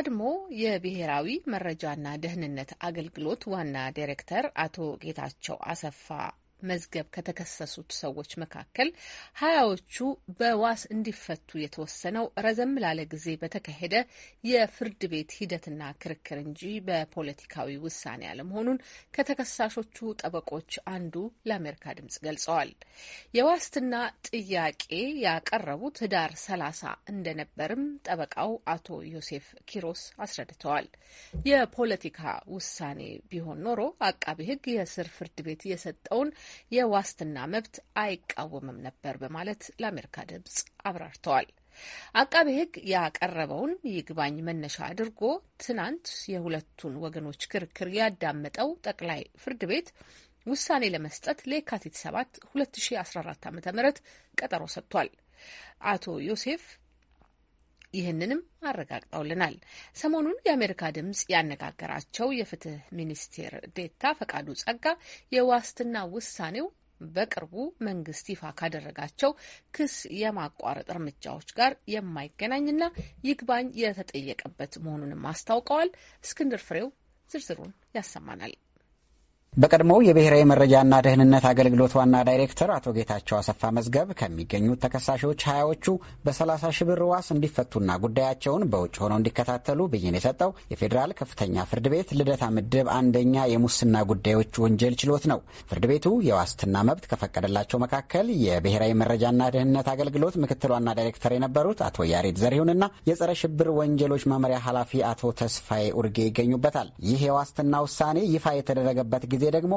ቀድሞ የብሔራዊ መረጃና ደህንነት አገልግሎት ዋና ዳይሬክተር አቶ ጌታቸው አሰፋ መዝገብ ከተከሰሱት ሰዎች መካከል ሀያዎቹ በዋስ እንዲፈቱ የተወሰነው ረዘም ላለ ጊዜ በተካሄደ የፍርድ ቤት ሂደትና ክርክር እንጂ በፖለቲካዊ ውሳኔ አለመሆኑን ከተከሳሾቹ ጠበቆች አንዱ ለአሜሪካ ድምጽ ገልጸዋል። የዋስትና ጥያቄ ያቀረቡት ህዳር ሰላሳ እንደነበርም ጠበቃው አቶ ዮሴፍ ኪሮስ አስረድተዋል። የፖለቲካ ውሳኔ ቢሆን ኖሮ አቃቢ ህግ የስር ፍርድ ቤት የሰጠውን የዋስትና መብት አይቃወምም ነበር በማለት ለአሜሪካ ድምጽ አብራርተዋል። አቃቤ ሕግ ያቀረበውን ይግባኝ መነሻ አድርጎ ትናንት የሁለቱን ወገኖች ክርክር ያዳመጠው ጠቅላይ ፍርድ ቤት ውሳኔ ለመስጠት ለየካቲት 7 2014 ዓ ም ቀጠሮ ሰጥቷል። አቶ ዮሴፍ ይህንንም አረጋግጠውልናል። ሰሞኑን የአሜሪካ ድምጽ ያነጋገራቸው የፍትህ ሚኒስቴር ዴታ ፈቃዱ ጸጋ የዋስትና ውሳኔው በቅርቡ መንግስት ይፋ ካደረጋቸው ክስ የማቋረጥ እርምጃዎች ጋር የማይገናኝና ይግባኝ የተጠየቀበት መሆኑንም አስታውቀዋል። እስክንድር ፍሬው ዝርዝሩን ያሰማናል። በቀድሞው የብሔራዊ መረጃና ደህንነት አገልግሎት ዋና ዳይሬክተር አቶ ጌታቸው አሰፋ መዝገብ ከሚገኙት ተከሳሾች ሀያዎቹ በ30 ሺ ብር ዋስ እንዲፈቱና ጉዳያቸውን በውጭ ሆነው እንዲከታተሉ ብይን የሰጠው የፌዴራል ከፍተኛ ፍርድ ቤት ልደታ ምድብ አንደኛ የሙስና ጉዳዮች ወንጀል ችሎት ነው። ፍርድ ቤቱ የዋስትና መብት ከፈቀደላቸው መካከል የብሔራዊ መረጃና ደህንነት አገልግሎት ምክትል ዋና ዳይሬክተር የነበሩት አቶ ያሬድ ዘርሁንና የጸረ ሽብር ወንጀሎች መመሪያ ኃላፊ አቶ ተስፋዬ ኡርጌ ይገኙበታል። ይህ የዋስትና ውሳኔ ይፋ የተደረገበት ጊዜ ደግሞ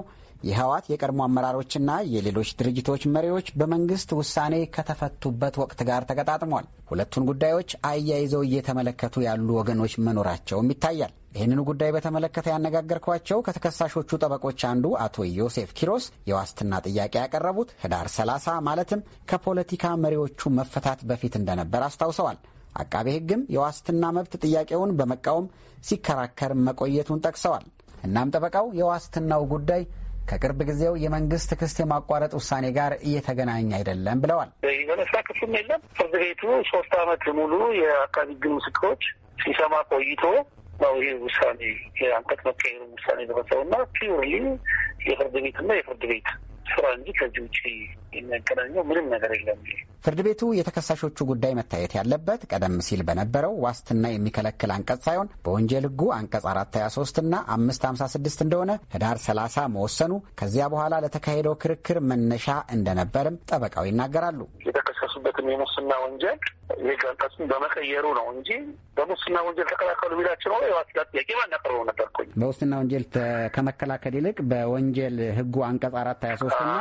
የህወሓት የቀድሞ አመራሮችና የሌሎች ድርጅቶች መሪዎች በመንግስት ውሳኔ ከተፈቱበት ወቅት ጋር ተገጣጥሟል። ሁለቱን ጉዳዮች አያይዘው እየተመለከቱ ያሉ ወገኖች መኖራቸውም ይታያል። ይህንኑ ጉዳይ በተመለከተ ያነጋገርኳቸው ከተከሳሾቹ ጠበቆች አንዱ አቶ ዮሴፍ ኪሮስ የዋስትና ጥያቄ ያቀረቡት ህዳር 30 ማለትም ከፖለቲካ መሪዎቹ መፈታት በፊት እንደነበር አስታውሰዋል። አቃቤ ህግም የዋስትና መብት ጥያቄውን በመቃወም ሲከራከር መቆየቱን ጠቅሰዋል። እናም ጠበቃው የዋስትናው ጉዳይ ከቅርብ ጊዜው የመንግስት ክስ የማቋረጥ ውሳኔ ጋር እየተገናኘ አይደለም ብለዋል። የመነሻ ክፍም የለም። ፍርድ ቤቱ ሶስት አመት ሙሉ የአቃቢ ህግ ምስክሮች ሲሰማ ቆይቶ ነው ይህ ውሳኔ የአንቀጽ መቀየሩ ውሳኔ ደረሰው እና ፒውርሊ የፍርድ ቤትና የፍርድ ቤት ስራ እንጂ ከዚህ ውጭ የሚያገናኘው ምንም ነገር የለም። ፍርድ ቤቱ የተከሳሾቹ ጉዳይ መታየት ያለበት ቀደም ሲል በነበረው ዋስትና የሚከለክል አንቀጽ ሳይሆን በወንጀል ሕጉ አንቀጽ አራት ሀያ ሶስት እና አምስት ሀምሳ ስድስት እንደሆነ ህዳር ሰላሳ መወሰኑ ከዚያ በኋላ ለተካሄደው ክርክር መነሻ እንደነበርም ጠበቃው ይናገራሉ። የሚደርሱበትን የሙስና ወንጀል የህግ አንቀጹን በመቀየሩ ነው እንጂ በሙስና ወንጀል ተከላከሉ ቢላችን ሆነ የዋስትና ጥያቄ ማናቀርበው ነበር። እኮ በሙስና ወንጀል ከመከላከል ይልቅ በወንጀል ህጉ አንቀጽ አራት ሀያ ሶስት ና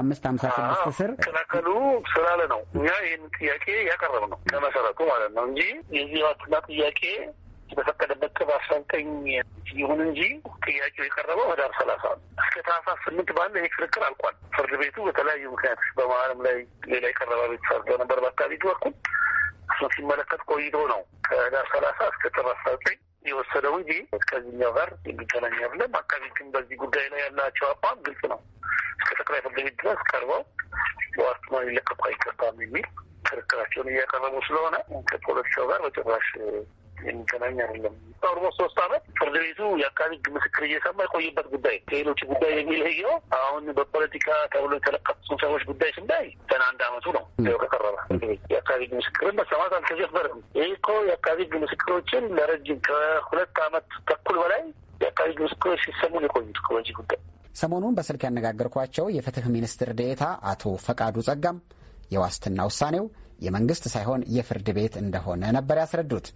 አምስት ሀምሳ ስድስት ስር ከላከሉ ስላለ ነው እኛ ይህን ጥያቄ ያቀረብ ነው ከመሰረቱ ማለት ነው እንጂ የዚህ የዋስትና ጥያቄ በፈቀደበት ጥር አስራ ዘጠኝ ይሁን እንጂ ጥያቄው የቀረበው ህዳር ሰላሳ ነው። እስከ ታህሳስ ስምንት ባለ ይህ ክርክር አልቋል። ፍርድ ቤቱ በተለያዩ ምክንያቶች በመሀልም ላይ ሌላ የቀረበ ቤት ነበር። በአካባቢ በኩል እሱ ሲመለከት ቆይቶ ነው ከህዳር ሰላሳ እስከ ጥር አስራ ዘጠኝ የወሰደው እንጂ ከዚህኛው ጋር የሚገናኛ አይደለም። አካባቢ ግን በዚህ ጉዳይ ላይ ያላቸው አቋም ግልጽ ነው። እስከ ጠቅላይ ፍርድ ቤት ድረስ ቀርበው በዋስትና ሊለቀቁ አይገባም የሚል ክርክራቸውን እያቀረቡ ስለሆነ ከፖለቲካው ጋር በጭራሽ የሚገናኝ አይደለም። ኦልሞስት ሶስት አመት ፍርድ ቤቱ የአካባቢ ህግ ምስክር እየሰማ የቆየበት ጉዳይ ከሌሎች ጉዳይ የሚለየው አሁን በፖለቲካ ተብሎ የተለቀሱን ሰዎች ጉዳይ ስንዳይ ገና አንድ አመቱ ነው ከቀረበ የአካባቢ ህግ ምስክርን መሰማት አልተጀመረም። ይህ እኮ የአካባቢ ህግ ምስክሮችን ለረጅም ከሁለት አመት ተኩል በላይ የአካባቢ ህግ ምስክሮች ሲሰሙን የቆዩት ከወንጂ ጉዳይ ሰሞኑን በስልክ ያነጋገርኳቸው የፍትህ ሚኒስትር ዴኤታ አቶ ፈቃዱ ጸጋም የዋስትና ውሳኔው የመንግስት ሳይሆን የፍርድ ቤት እንደሆነ ነበር ያስረዱት።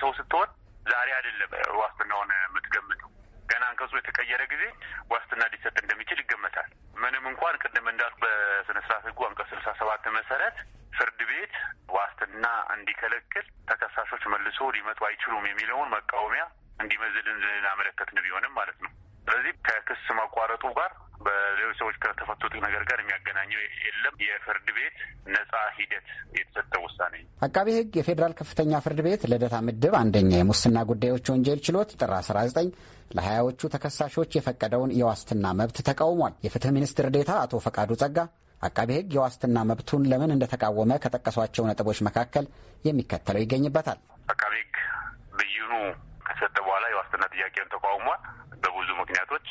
ሰው ስትሆን ዛሬ አይደለም ዋስትናውን የምትገምተው። ገና አንቀጹ የተቀየረ ጊዜ ዋስትና ሊሰጥ እንደሚችል ይገመታል። ምንም እንኳን ቅድም እንዳልኩ በስነስርዓት ህጉ አንቀጽ ስልሳ ሰባት መሰረት ፍርድ ቤት ዋስትና እንዲከለክል ተከሳሾች መልሶ ሊመጡ አይችሉም የሚለውን መቃወሚያ እንዲመዝልን አመለከትን ቢሆንም ማለት ነው። ስለዚህ ከክስ ማቋረጡ ጋር በሌሎች ሰዎች ከተፈቱት ነገር ጋር የሚያገናኘው የለም። የፍርድ ቤት ነጻ ሂደት የተሰጠው ውሳኔ አቃቤ ሕግ የፌዴራል ከፍተኛ ፍርድ ቤት ልደታ ምድብ አንደኛ የሙስና ጉዳዮች ወንጀል ችሎት ጥር 19 ለሀያዎቹ ተከሳሾች የፈቀደውን የዋስትና መብት ተቃውሟል። የፍትህ ሚኒስትር ዴታ አቶ ፈቃዱ ጸጋ አቃቤ ሕግ የዋስትና መብቱን ለምን እንደተቃወመ ከጠቀሷቸው ነጥቦች መካከል የሚከተለው ይገኝበታል። አቃቤ ሕግ ብይኑ ከሰጠ በኋላ የዋስትና ጥያቄውን ተቃውሟል በብዙ ምክንያቶች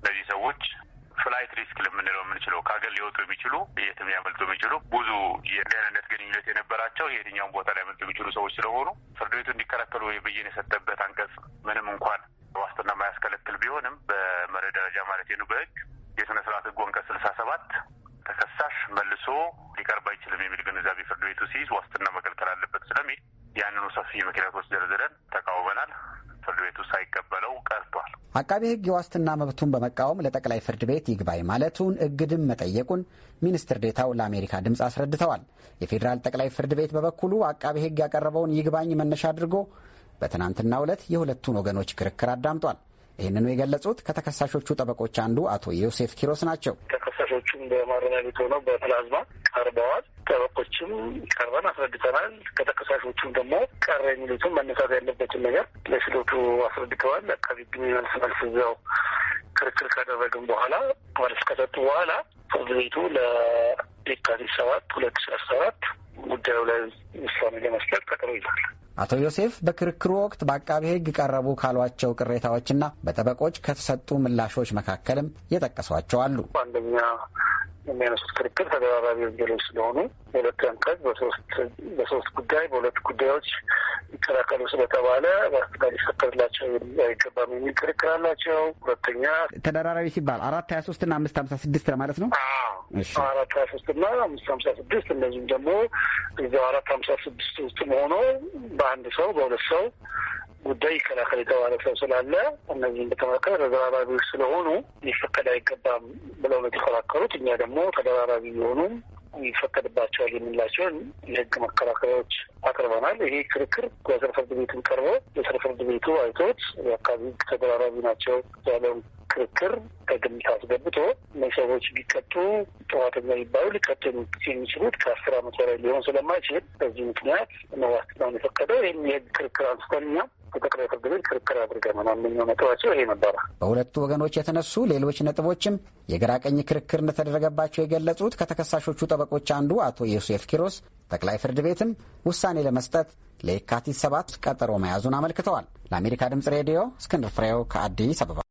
እነዚህ ሰዎች ፍላይት ሪስክ ለምንለው የምንችለው ከሀገር ሊወጡ የሚችሉ የትም ያመልጡ የሚችሉ ብዙ የደህንነት ግንኙነት የነበራቸው የትኛውን ቦታ ሊያመልጡ የሚችሉ ሰዎች ስለሆኑ ፍርድ ቤቱ እንዲከለከሉ ብይን የሰጠበት አንቀጽ ምንም እንኳን ዋስትና ማያስከለክል ቢሆንም በመርህ ደረጃ ማለት ነው በህግ የስነ ስርዓት ህጉ አንቀጽ ስልሳ ሰባት ተከሳሽ መልሶ ሊቀርብ አይችልም የሚል ግንዛቤ ፍርድ ቤቱ ሲይዝ ዋስትና መከልከል አለበት ስለሚል ያንኑ ሰፊ ምክንያቶች ዘርዝረን ተቃውመናል። ፍርድ ቤቱ ሳይቀበለው ቀርቷል። አቃቤ ሕግ የዋስትና መብቱን በመቃወም ለጠቅላይ ፍርድ ቤት ይግባኝ ማለቱን እግድም መጠየቁን ሚኒስትር ዴታው ለአሜሪካ ድምፅ አስረድተዋል። የፌዴራል ጠቅላይ ፍርድ ቤት በበኩሉ አቃቤ ሕግ ያቀረበውን ይግባኝ መነሻ አድርጎ በትናንትናው ዕለት የሁለቱን ወገኖች ክርክር አዳምጧል። ይህንኑ የገለጹት ከተከሳሾቹ ጠበቆች አንዱ አቶ ዮሴፍ ኪሮስ ናቸው። ተከሳሾቹም በማረሚያ ቤት ሆነው በፕላዝማ ቀርበዋል። ጠበቆችም ቀርበን አስረድተናል። ከተከሳሾቹም ደግሞ ቀረ የሚሉትም መነሳት ያለበትን ነገር ለችሎቱ አስረድተዋል። አቃቢ ግን መልስ መልስ እዚያው ክርክር ካደረግን በኋላ መልስ ከሰጡ በኋላ ፍርድ ቤቱ ለየካቲት ሰባት ሁለት ሺ አስራ አራት ጉዳዩ ላይ ውሳኔ ለመስጠት ቀጠሮ ይዟል። አቶ ዮሴፍ በክርክሩ ወቅት በአቃቤ ሕግ ቀረቡ ካሏቸው ቅሬታዎችና በጠበቆች ከተሰጡ ምላሾች መካከልም የጠቀሷቸው አሉ። አንደኛ የሚያነሱት ክርክር ተደራራቢ ወንጀሎች ስለሆኑ ሁለት አንቀጽ በሶስት ጉዳይ በሁለት ጉዳዮች ይከላከሉ ስለተባለ በአስቸጋሪ ሊፈቀድላቸው አይገባም የሚል ክርክር አላቸው። ሁለተኛ ተደራራቢ ሲባል አራት ሀያ ሶስት እና አምስት ሀምሳ ስድስት ለማለት ነው። አራት ሀያ ሶስት እና አምስት ሀምሳ ስድስት እንደዚሁም ደግሞ እዚያው አራት ሀምሳ ስድስት ውስጥም ሆኖ በአንድ ሰው በሁለት ሰው ጉዳይ ይከላከል የተባለ ሰው ስላለ እነዚህም በተመለከተ ተደራራቢዎች ስለሆኑ ሊፈቀድ አይገባም ብለው ነው የተከራከሩት። እኛ ደግሞ ተደራራቢ የሆኑም ይፈቀድባቸዋል የምንላቸውን የህግ መከራከሪያዎች አቅርበናል። ይሄ ክርክር በስር ፍርድ ቤትም ቀርቦ የስር ፍርድ ቤቱ አይቶት የአካባቢ ህግ ተደራራቢ ናቸው ያለውን ክርክር ከግምት አስገብቶ ሰዎች ሊቀጡ ጥፋተኛ የሚባሉ ሊቀጡ የሚችሉት ከአስር አመት በላይ ሊሆን ስለማይችል በዚህ ምክንያት ነው ዋስትናውን የፈቀደው። ይህም የህግ ክርክር አንስተን እኛም ጠቅላይ ፍርድ ቤት ክርክር አድርገናል። አንደኛው ነጥባቸው ይሄ ነበረ። በሁለቱ ወገኖች የተነሱ ሌሎች ነጥቦችም የግራ ቀኝ ክርክር እንደተደረገባቸው የገለጹት ከተከሳሾቹ ጠበቆች አንዱ አቶ ዮሴፍ ኪሮስ ጠቅላይ ፍርድ ቤትም ውሳኔ ለመስጠት ለየካቲት ሰባት ቀጠሮ መያዙን አመልክተዋል። ለአሜሪካ ድምጽ ሬዲዮ እስክንድር ፍሬው ከአዲስ አበባ